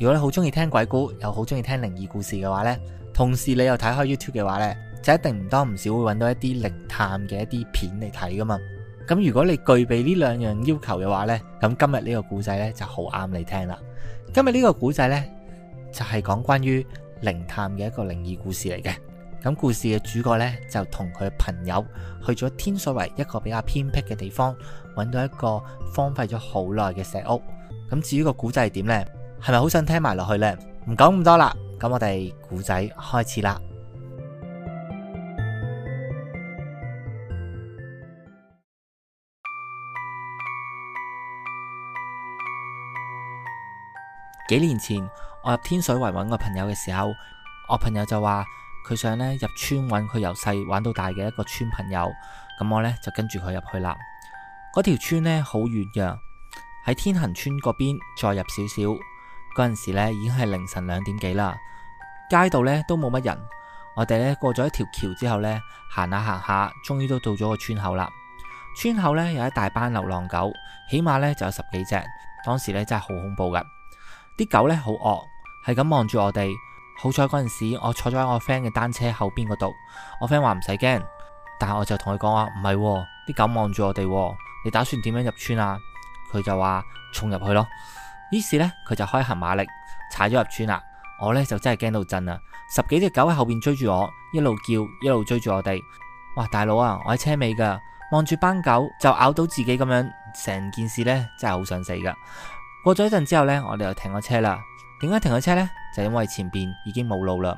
如果你好中意聽鬼故，又好中意聽靈異故事嘅話呢，同時你又睇開 YouTube 嘅話呢，就一定唔多唔少會揾到一啲靈探嘅一啲片嚟睇噶嘛。咁如果你具備呢兩樣要求嘅話呢，咁今日呢個故仔呢就好啱你聽啦。今日呢個故仔呢，就係講關於靈探嘅一個靈異故事嚟嘅。咁故事嘅主角呢，就同佢朋友去咗天水圍一個比較偏僻嘅地方，揾到一個荒廢咗好耐嘅石屋。咁至於個故仔係點咧？係咪好想聽埋落去呢？唔講咁多啦，咁我哋故仔開始啦。幾年前我入天水圍揾個朋友嘅時候，我朋友就話佢想呢入村揾佢由細玩到大嘅一個村朋友。咁我呢就跟住佢入去啦。嗰條村呢好遠噶，喺天恒村嗰邊再入少少。嗰陣時咧，已經係凌晨兩點幾啦，街道咧都冇乜人。我哋咧過咗一條橋之後咧，行下行下，終於都到咗個村口啦。村口咧有一大班流浪狗，起碼咧就有十幾隻。當時咧真係好恐怖噶，啲狗咧好惡，係咁望住我哋。好彩嗰陣時我坐咗喺我 friend 嘅單車後邊嗰度，我 friend 話唔使驚，但係我就同佢講話唔係，啲狗望住我哋，你打算點樣入村啊？佢就話衝入去咯。於是呢，佢就開行馬力踩咗入村啦。我呢，就真係驚到震啦，十幾隻狗喺後邊追住我，一路叫，一路追住我哋。哇，大佬啊，我喺車尾噶，望住班狗就咬到自己咁樣，成件事呢，真係好想死噶。過咗一陣之後呢，我哋又停咗車啦。點解停咗車呢？就因為前邊已經冇路啦。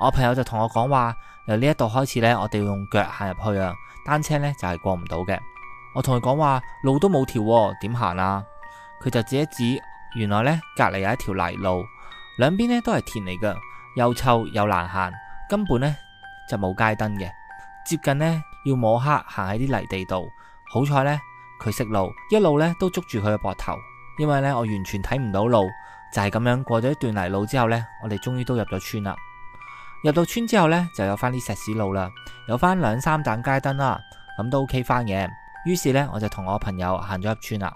我朋友就同我講話，由呢一度開始呢，我哋要用腳行入去啊，單車呢，就係過唔到嘅。我同佢講話，路都冇條，點行啊？佢就指一指。原來咧，隔籬有一條泥路，兩邊咧都係田嚟嘅，又臭又難行，根本呢就冇街燈嘅。接近呢，要摸黑行喺啲泥地度，好彩呢，佢識路，一路呢都捉住佢嘅膊頭，因為呢我完全睇唔到路，就係咁樣過咗一段泥路之後呢，我哋終於都入咗村啦。入到村之後呢，就有翻啲石屎路啦，有翻兩三盞街燈啦，咁都 OK 翻嘅。於是呢，我就同我朋友行咗入村啦。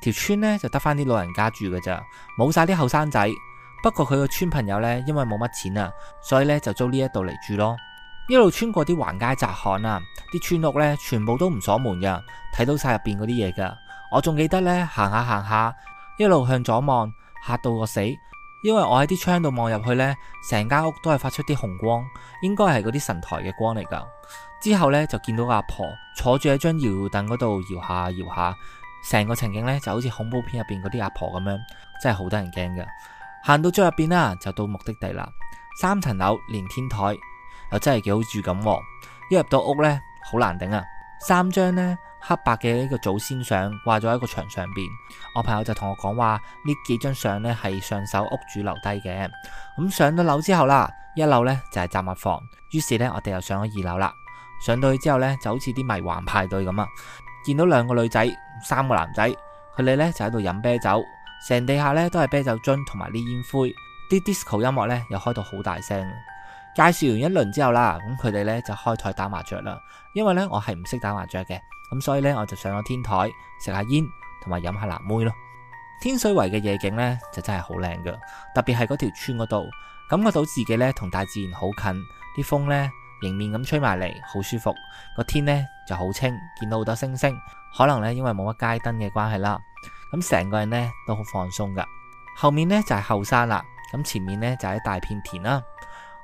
條村呢就得返啲老人家住嘅咋，冇晒啲後生仔。不過佢個村朋友呢，因為冇乜錢啊，所以呢就租呢一度嚟住咯。一路穿過啲橫街窄巷啊，啲村屋呢全部都唔鎖門噶，睇到晒入邊嗰啲嘢噶。我仲記得呢，行下行下，一路向左望，吓到我死，因為我喺啲窗度望入去呢，成間屋都係發出啲紅光，應該係嗰啲神台嘅光嚟噶。之後呢，就見到個阿婆坐住喺張搖凳嗰度搖下搖下。搖下成個情景咧，就好似恐怖片入邊嗰啲阿婆咁樣，真係好得人驚㗎。行到最入邊啦，就到目的地啦。三層樓連天台，又真係幾好住咁，啊。一入到屋呢，好難頂啊！三張呢，黑白嘅呢個祖先相掛咗喺個牆上邊。我朋友就同我講話，呢幾張相呢係上手屋主留低嘅。咁、嗯、上到樓之後啦，一樓呢就係、是、雜物房。於是呢，我哋又上咗二樓啦。上到去之後呢，就好似啲迷幻派對咁啊！見到兩個女仔，三個男仔，佢哋呢就喺度飲啤酒，成地下呢都係啤酒樽同埋啲煙灰，啲 disco 音樂呢又開到好大聲。介紹完一輪之後啦，咁佢哋呢就開台打麻雀啦。因為呢我係唔識打麻雀嘅，咁所以呢我就上咗天台食下煙同埋飲下藍妹咯。天水圍嘅夜景呢就真係好靚噶，特別係嗰條村嗰度，感覺到自己呢同大自然好近，啲風呢。迎面咁吹埋嚟，好舒服。個天呢就好清，見到好多星星。可能呢，因為冇乜街燈嘅關係啦。咁成個人呢都好放鬆噶。後面呢就係、是、後山啦，咁前面呢就係、是、一大片田啦、啊。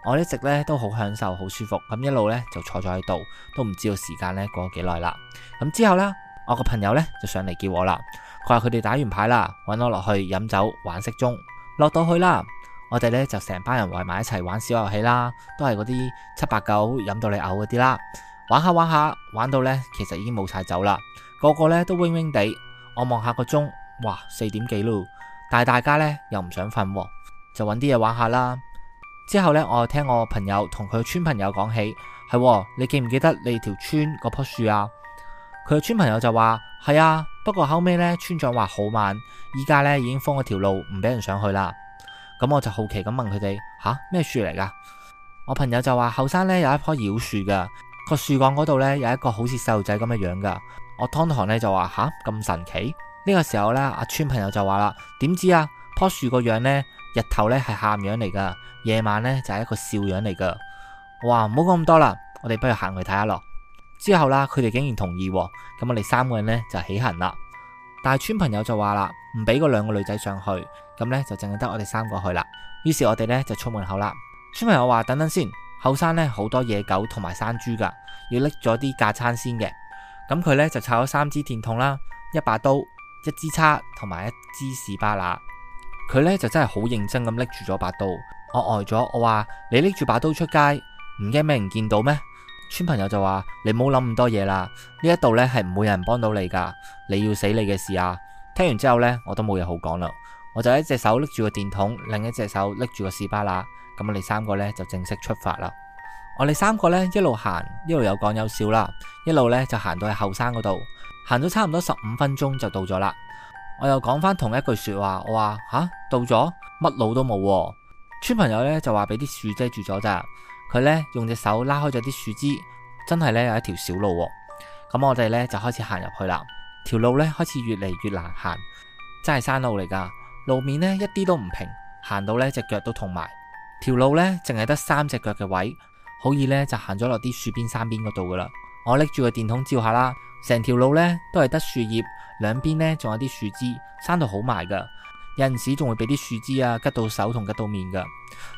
我一直呢都好享受，好舒服。咁一路呢就坐咗喺度，都唔知道時間呢過咗幾耐啦。咁之後呢，我個朋友呢就上嚟叫我啦。佢話佢哋打完牌啦，搵我落去飲酒玩骰盅。落到去啦。我哋咧就成班人圍埋一齊玩小遊戲啦，都係嗰啲七八九飲到你嘔嗰啲啦，玩下玩下玩到咧，其實已經冇晒酒啦，個個咧都懵懵地。我望下個鐘，哇，四點幾嚕，但係大家咧又唔想瞓，啊，就搵啲嘢玩下啦。之後咧，我聽我個朋友同佢村朋友講起，係，啊、你記唔記得你條村嗰棵樹啊？佢個村朋友就話係啊，不過後尾咧村長話好慢，依家咧已經封咗條路，唔俾人上去啦。咁我就好奇咁問佢哋吓咩樹嚟噶？我朋友就話，後山呢有一棵妖樹噶，個樹幹嗰度呢有一個好似細路仔咁嘅樣噶。我當堂呢就話吓咁神奇。呢個時候呢，阿村朋友就話啦，點知啊？棵樹個樣呢，日頭呢係喊樣嚟噶，夜晚呢就係一個笑樣嚟噶。哇，唔好講咁多啦，我哋不如行去睇下咯。之後啦，佢哋竟然同意，咁我哋三個人呢，就起行啦。但係村朋友就話啦，唔俾嗰兩個女仔上去，咁呢就淨係得我哋三個去啦。於是我哋呢就出門口啦。村朋友話：等等先，後生呢好多野狗同埋山豬㗎，要拎咗啲架餐先嘅。咁佢呢就拆咗三支電筒啦，一把刀、一支叉同埋一支士巴拿。佢呢就真係好認真咁拎住咗把刀。我呆咗，我話：你拎住把刀出街，唔驚咩人見到咩？村朋友就話：你唔好諗咁多嘢啦，呢一度呢係唔會有人幫到你噶，你要死你嘅事啊！聽完之後呢，我都冇嘢好講啦，我就一隻手拎住個電筒，另一隻手拎住個士巴拿，咁我哋三個呢就正式出發啦。我哋三個呢一路行，一路有講有笑啦，一路呢就行到去後山嗰度，行咗差唔多十五分鐘就到咗啦。我又講返同一句說話，我話吓，到咗，乜路都冇，村朋友呢就話俾啲樹遮住咗咋。佢咧用隻手拉開咗啲樹枝，真係咧有一條小路喎。咁我哋咧就開始行入去啦。條路咧開始越嚟越難行，真係山路嚟噶。路面咧一啲都唔平，行到咧隻腳都痛埋。條路咧淨係得三隻腳嘅位，好易咧就行咗落啲樹邊山邊嗰度噶啦。我拎住個電筒照下啦，成條路咧都係得樹葉，兩邊咧仲有啲樹枝，山度好埋噶。有陣時仲會俾啲樹枝啊，吉到手同吉到面噶。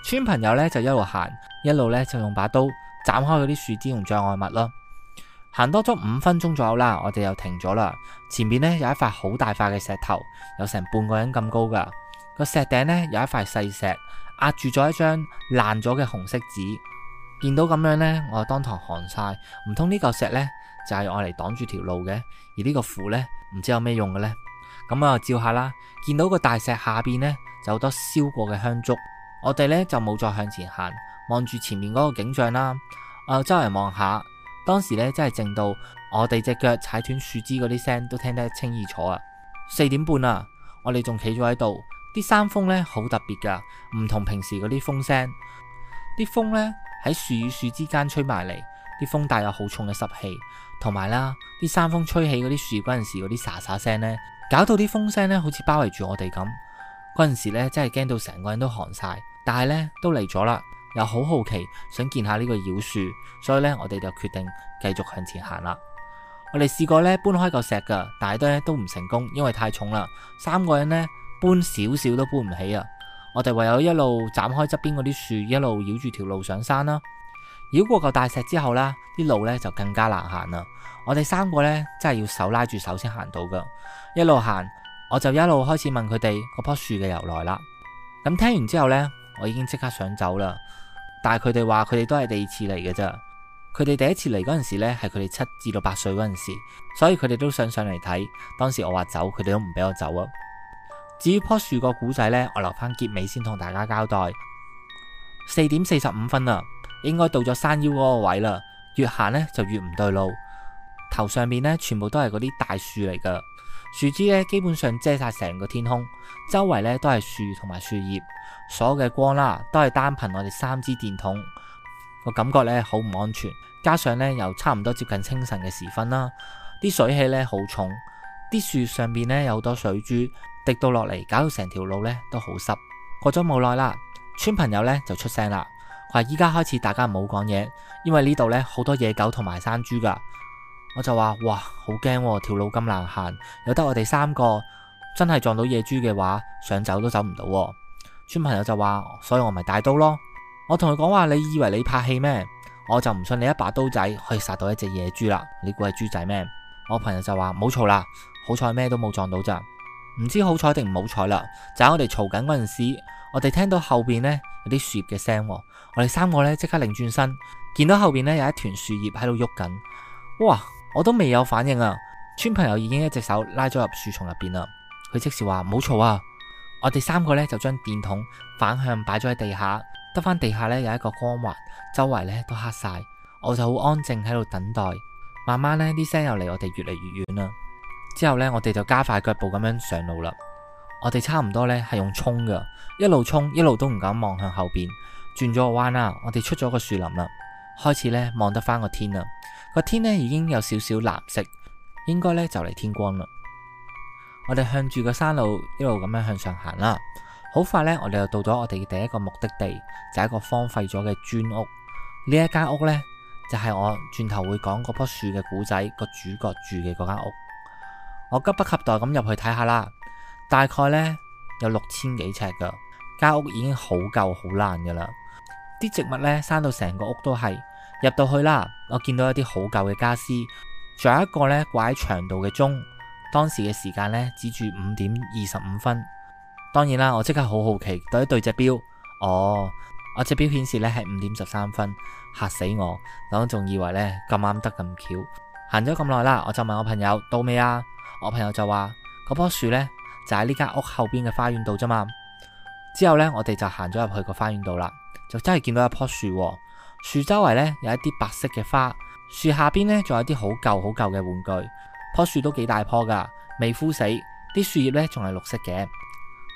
村朋友呢就一路行，一路呢就用把刀斬開嗰啲樹枝同障礙物咯。行多咗五分鐘左右啦，我哋又停咗啦。前面呢有一塊好大塊嘅石頭，有成半個人咁高噶。個石頂呢有一塊細石壓住咗一張爛咗嘅紅色紙。見到咁樣呢，我就當堂寒晒。唔通呢嚿石呢，就係用嚟擋住條路嘅？而呢個符呢，唔知有咩用嘅呢？咁我又照下啦，見到個大石下邊呢，就好多燒過嘅香燭。我哋呢，就冇再向前行，望住前面嗰個景象啦。誒、呃，周圍望下，當時呢，真係靜到我哋隻腳踩斷樹枝嗰啲聲都聽得一清二楚啊！四點半啦、啊，我哋仲企咗喺度。啲山風呢，好特別噶，唔同平時嗰啲風聲。啲風呢，喺樹與樹之間吹埋嚟，啲風帶有好重嘅濕氣，同埋啦，啲山風吹起嗰啲樹嗰陣時嗰啲沙沙聲呢。搞到啲風聲咧，好似包圍住我哋咁。嗰陣時咧，真係驚到成個人都寒晒。但係咧，都嚟咗啦，又好好奇想見下呢個妖樹，所以咧，我哋就決定繼續向前行啦。我哋試過咧搬開嚿石噶，但係咧都唔成功，因為太重啦。三個人咧搬少少都搬唔起啊！我哋唯有一路斬開側邊嗰啲樹，一路繞住條路上山啦。繞過嚿大石之後，呢啲路呢就更加難行啦，啊。我哋三個呢，真係要手拉住手先行到噶。一路行，我就一路開始問佢哋嗰棵樹嘅由來啦。咁、嗯、聽完之後呢，我已經即刻想走啦。但係佢哋話，佢哋都係第二次嚟嘅咋，佢哋第一次嚟嗰陣時咧，係佢哋七至到八歲嗰陣時，所以佢哋都想上嚟睇。當時我話走，佢哋都唔俾我走啊。至於棵樹個古仔呢，我留翻結尾先同大家交代。四點四十五分啦。應該到咗山腰嗰個位啦，越行呢就越唔對路，頭上面呢，全部都係嗰啲大樹嚟噶，樹枝呢，基本上遮晒成個天空，周圍呢，都係樹同埋樹葉，所有嘅光啦都係單憑我哋三支電筒，我感覺呢，好唔安全，加上呢，又差唔多接近清晨嘅時分啦，啲水氣呢，好重，啲樹上面呢，有好多水珠滴到落嚟，搞到成條路呢，都好濕，過咗冇耐啦，村朋友呢，就出聲啦。係依家開始，大家唔好講嘢，因為呢度咧好多野狗同埋山豬噶。我就話哇，好驚、哦，條路咁難行，有得我哋三個真係撞到野豬嘅話，想走都走唔到。村朋友就話，所以我咪帶刀咯。我同佢講話，你以為你拍氣咩？我就唔信你一把刀仔可以殺到一隻野豬啦。你估係豬仔咩？我朋友就話，冇嘈啦，好彩咩都冇撞到咋。唔知好彩定唔好彩啦！就喺我哋嘈緊嗰陣時，我哋聽到後邊呢有啲樹葉嘅聲，我哋三個呢即刻擰轉身，見到後邊呢有一團樹葉喺度喐緊。哇！我都未有反應啊，村朋友已經一隻手拉咗入樹叢入邊啦。佢即時話：唔好嘈啊！我哋三個呢就將電筒反向擺咗喺地下，得翻地下呢有一個光環，周圍呢都黑晒。我就好安靜喺度等待，慢慢呢啲聲又離我哋越嚟越遠啦。之後呢，我哋就加快腳步咁樣上路啦。我哋差唔多呢係用衝噶，一路衝，一路都唔敢望向後邊。轉咗個彎啦，我哋出咗個樹林啦，開始呢望得翻個天啦。個天呢已經有少少藍色，應該呢就嚟天光啦。我哋向住個山路一路咁樣向上行啦。好快呢，我哋就到咗我哋嘅第一個目的地，就係一個荒廢咗嘅磚屋呢。一間屋呢，就係我轉頭會講嗰棵樹嘅古仔個主角住嘅嗰間屋。我急不及待咁入去睇下啦，大概呢，有六千幾尺噶。間屋已經好舊好爛噶啦。啲植物呢，生到成個屋都係入到去啦，我見到一啲好舊嘅家私，仲有一個呢，掛喺牆度嘅鐘，當時嘅時間呢，指住五點二十五分。當然啦，我即刻好好奇，對一對隻表，哦，我隻表顯示呢係五點十三分，嚇死我，我仲以為呢，咁啱得咁巧。行咗咁耐啦，我就問我朋友到未啊？我朋友就話嗰棵樹呢，就喺呢間屋後邊嘅花園度咋嘛。之後呢，我哋就行咗入去個花園度啦，就真係見到一棵樹。樹周圍呢，有一啲白色嘅花，樹下邊呢，仲有啲好舊好舊嘅玩具。棵樹都幾大棵噶，未枯死，啲樹葉呢，仲係綠色嘅。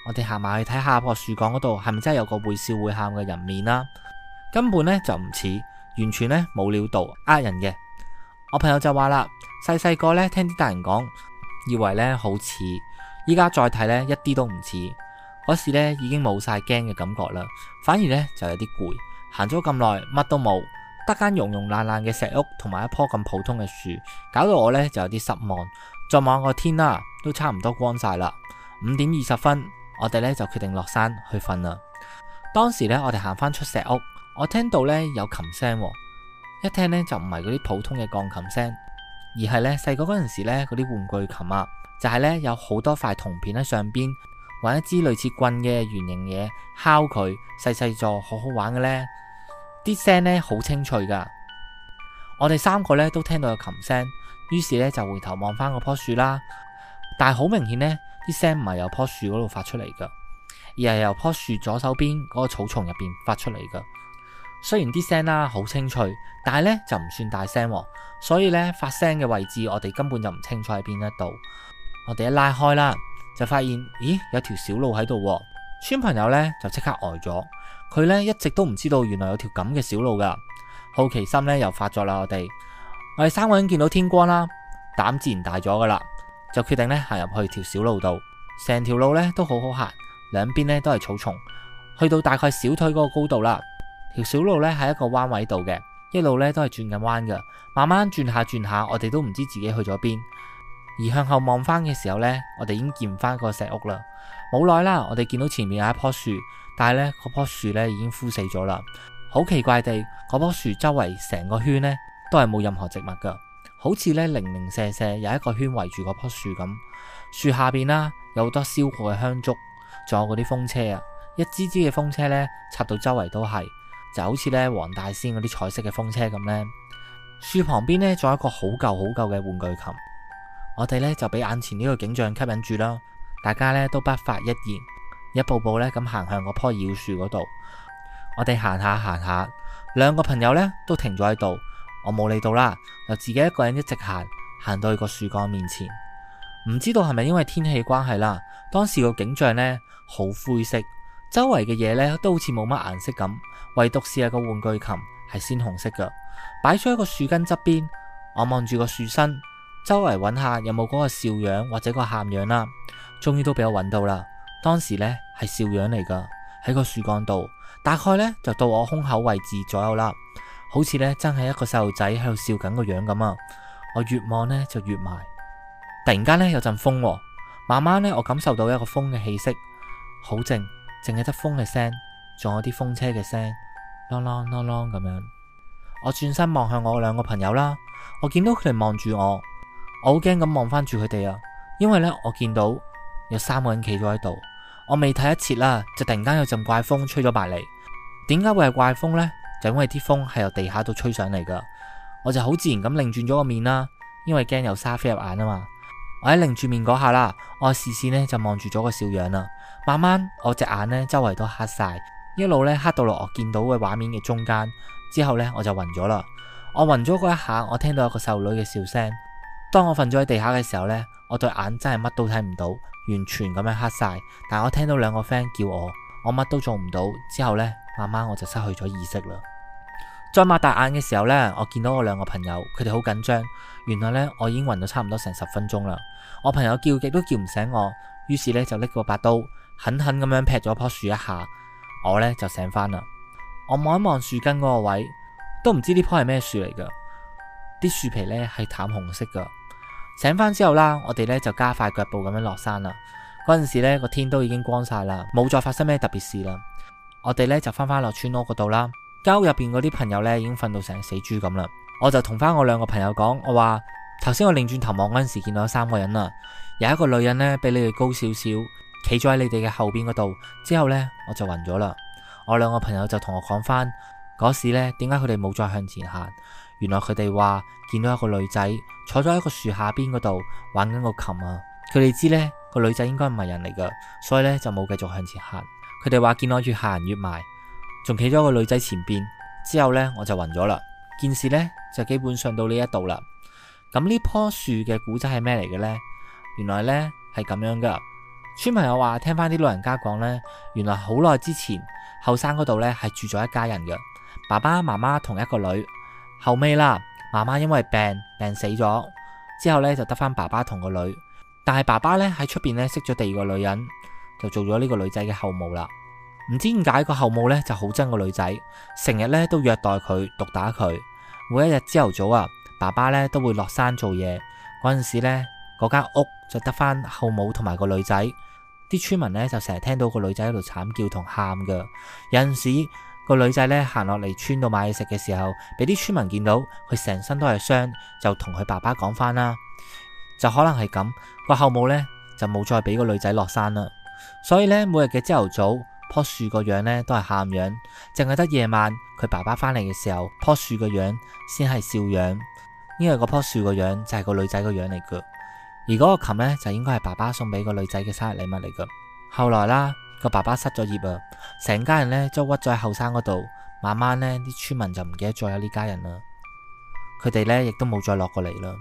我哋行埋去睇下棵樹幹嗰度，係咪真係有個會笑會喊嘅人面啦？根本呢，就唔似，完全呢，冇料到呃人嘅。我朋友就話啦，細細個呢，聽啲大人講。以為咧好似，依家再睇咧，一啲都唔似，嗰時咧已經冇晒驚嘅感覺啦，反而咧就有啲攰，行咗咁耐乜都冇，得間融融爛爛嘅石屋同埋一棵咁普通嘅樹，搞到我咧就有啲失望。再望個天啦，啊，都差唔多光晒啦。五點二十分，我哋咧就決定落山去瞓啦。當時咧我哋行翻出石屋，我聽到咧有琴聲喎，一聽咧就唔係嗰啲普通嘅鋼琴聲。而係咧細個嗰陣時咧嗰啲玩具琴啊，就係咧有好多塊銅片喺上邊，搵一支類似棍嘅圓形嘢敲佢，細細座好好玩嘅咧，啲聲咧好清脆噶。我哋三個咧都聽到有琴聲，於是咧就回頭望翻嗰棵樹啦。但係好明顯呢，啲聲唔係由棵樹嗰度發出嚟噶，而係由棵樹左手邊嗰個草叢入邊發出嚟噶。雖然啲聲啦好清脆，但係咧就唔算大聲，所以咧發聲嘅位置我哋根本就唔清楚喺邊一度。我哋一拉開啦，就發現咦，有條小路喺度。村朋友咧就即刻呆咗，佢咧一直都唔知道原來有條咁嘅小路噶。好奇心咧又發作啦，我哋我哋三個已經見到天光啦，膽自然大咗噶啦，就決定咧行入去條小路度。成條路咧都好好行，兩邊咧都係草叢，去到大概小腿嗰個高度啦。條小路咧喺一個彎位度嘅，一路咧都係轉緊彎噶，慢慢轉下轉下，我哋都唔知自己去咗邊。而向後望返嘅時候呢，我哋已經見唔翻個石屋啦。冇耐啦，我哋見到前面有一棵樹，但係咧嗰棵樹咧已經枯死咗啦。好奇怪地，嗰棵樹周圍成個圈呢，都係冇任何植物噶，好似咧零零舍舍有一個圈圍住嗰棵樹咁。樹下邊啦有好多燒過嘅香燭，仲有嗰啲風車啊，一支支嘅風車咧插到周圍都係。就好似咧黃大仙嗰啲彩色嘅風車咁呢。樹旁邊呢，仲有一個好舊好舊嘅玩具琴。我哋呢，就俾眼前呢個景象吸引住啦，大家呢，都不發一言，一步步呢咁行向嗰棵妖樹嗰度。我哋行下行下，兩個朋友呢，都停咗喺度，我冇理到啦，就自己一個人一直行，行到去個樹幹面前。唔知道係咪因為天氣關係啦，當時個景象呢，好灰色。周圍嘅嘢咧都好似冇乜顏色咁，唯獨是個玩具琴係鮮紅色嘅，擺咗喺個樹根側邊。我望住個樹身，周圍揾下有冇嗰個笑樣或者個喊樣啦，終於都俾我揾到啦。當時呢係笑樣嚟噶，喺個樹幹度，大概呢就到我胸口位置左右啦，好似呢真係一個細路仔喺度笑緊個樣咁啊。我越望呢就越埋，突然間呢有陣風，哦，慢慢呢我感受到一個風嘅氣息，好靜。淨係得風嘅聲，仲有啲風車嘅聲，啷啷啷啷咁樣。我轉身望向我兩個朋友啦，我見到佢哋望住我，我好驚咁望返住佢哋啊。因為呢，我見到有三個人企咗喺度，我未睇一切啦，就突然間有陣怪風吹咗埋嚟。點解會係怪風呢？就因為啲風係由地下度吹上嚟噶。我就好自然咁擰轉咗個面啦，因為驚有沙飛入眼啊嘛。我喺擰住面嗰下啦，我視線呢就望住咗個小樣啦。慢慢我隻眼咧，周圍都黑晒，一路咧黑到落我見到嘅畫面嘅中間，之後咧我就暈咗啦。我暈咗嗰一下，我聽到有個少女嘅笑聲。當我瞓咗喺地下嘅時候咧，我對眼真係乜都睇唔到，完全咁樣黑晒。但我聽到兩個 friend 叫我，我乜都做唔到。之後咧，慢慢我就失去咗意識啦。再擘大眼嘅時候咧，我見到我兩個朋友，佢哋好緊張。原來咧我已經暈咗差唔多成十分鐘啦。我朋友叫極都叫唔醒我，於是咧就拎個把刀。狠狠咁樣劈咗一棵樹一下，我呢就醒返啦。我望一望樹根嗰個位，都唔知呢棵係咩樹嚟噶。啲樹皮呢係淡紅色噶。醒返之後啦，我哋呢就加快腳步咁樣落山啦。嗰陣時呢個天都已經光晒啦，冇再發生咩特別事啦。我哋呢就翻返落村屋嗰度啦。家屋入邊嗰啲朋友呢已經瞓到成死豬咁啦。我就同翻我兩個朋友講，我話頭先我擰轉頭望嗰陣時見到有三個人啦，有一個女人呢比你哋高少少。企咗喺你哋嘅後邊嗰度之後呢，我就暈咗啦。我兩個朋友就同我講翻嗰時呢，點解佢哋冇再向前行？原來佢哋話見到一個女仔坐咗喺個樹下邊嗰度玩緊個琴啊。佢哋知呢，個女仔應該唔係人嚟噶，所以呢，就冇繼續向前行。佢哋話見我越行越埋，仲企咗個女仔前邊之後呢，我就暈咗啦。件事呢，就基本上到呢一度啦。咁呢棵樹嘅古仔係咩嚟嘅呢？原來呢，係咁樣噶。村朋友話聽翻啲老人家講呢，原來好耐之前後山嗰度呢係住咗一家人嘅，爸爸媽媽同一個女。後尾啦，媽媽因為病病死咗，之後呢就得翻爸爸同個女，但係爸爸呢喺出邊呢識咗第二個女人，就做咗呢個女仔嘅後母啦。唔知點解個後母呢就好憎個女仔，成日呢都虐待佢，毒打佢。每一日朝頭早啊，爸爸呢都會落山做嘢，嗰陣時呢。嗰間屋就得翻後母同埋個女仔，啲村民呢就成日聽到個女仔喺度慘叫同喊嘅。有陣時個女仔呢行落嚟村度買嘢食嘅時候，俾啲村民見到佢成身都係傷，就同佢爸爸講返啦。就可能係咁個後母呢就冇再俾個女仔落山啦。所以呢，每日嘅朝頭早棵樹個樣呢都係喊樣，淨係得夜晚佢爸爸返嚟嘅時候棵樹個樣先係笑樣。因為個棵樹個樣就係個女仔個樣嚟嘅。而嗰個琴呢，就應該係爸爸送俾個女仔嘅生日禮物嚟㗎。後來啦，個爸爸失咗業啊，成家人呢，都屈咗喺後山嗰度。慢慢呢，啲村民就唔記得再有呢家人啦，佢哋呢，亦都冇再落過嚟啦。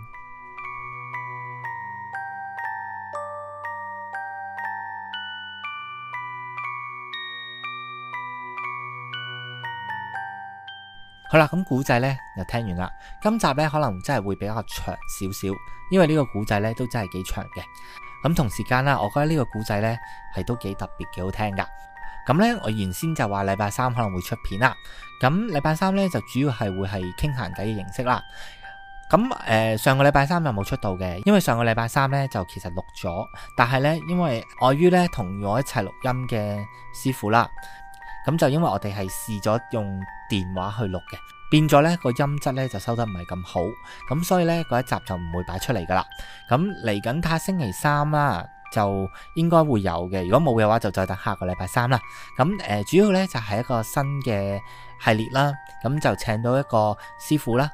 好啦，咁古仔呢就聽完啦。今集呢可能真係會比較長少少，因為呢個古仔呢都真係幾長嘅。咁同時間啦，我覺得呢個古仔呢係都幾特別，幾好聽噶。咁呢，我原先就話禮拜三可能會出片啦。咁禮拜三呢就主要係會係傾閒偈嘅形式啦。咁誒、呃，上個禮拜三又冇出到嘅，因為上個禮拜三呢就其實錄咗，但係呢，因為礙於呢同我一齊錄音嘅師傅啦。咁就因為我哋係試咗用電話去錄嘅，變咗呢個音質呢，就收得唔係咁好，咁所以呢，嗰一集就唔會擺出嚟噶啦。咁嚟緊下星期三啦、啊，就應該會有嘅。如果冇嘅話，就再等下個禮拜三啦、啊。咁誒、呃，主要呢，就係、是、一個新嘅系列啦。咁就請到一個師傅啦，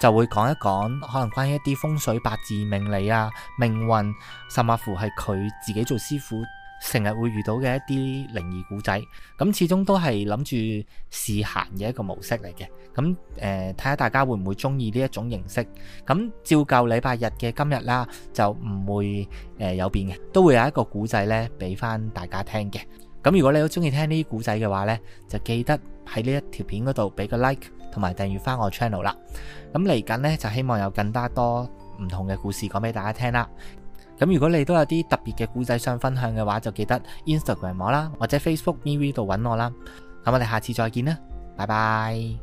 就會講一講可能關於一啲風水八字命理啊、命運，甚或乎係佢自己做師傅。成日會遇到嘅一啲靈異古仔，咁始終都係諗住試行嘅一個模式嚟嘅。咁、呃、誒，睇下大家會唔會中意呢一種形式。咁照舊禮拜日嘅今日啦，就唔會誒有變嘅，都會有一個古仔呢俾翻大家聽嘅。咁如果你都中意聽呢啲古仔嘅話呢，就記得喺呢一條片嗰度俾個 like 同埋訂閲翻我 channel 啦。咁嚟緊呢，就希望有更加多唔同嘅故事講俾大家聽啦。咁如果你都有啲特別嘅古仔想分享嘅話，就記得 Instagram 我啦，或者 Facebook MeWe 度揾我啦。咁我哋下次再見啦，拜拜。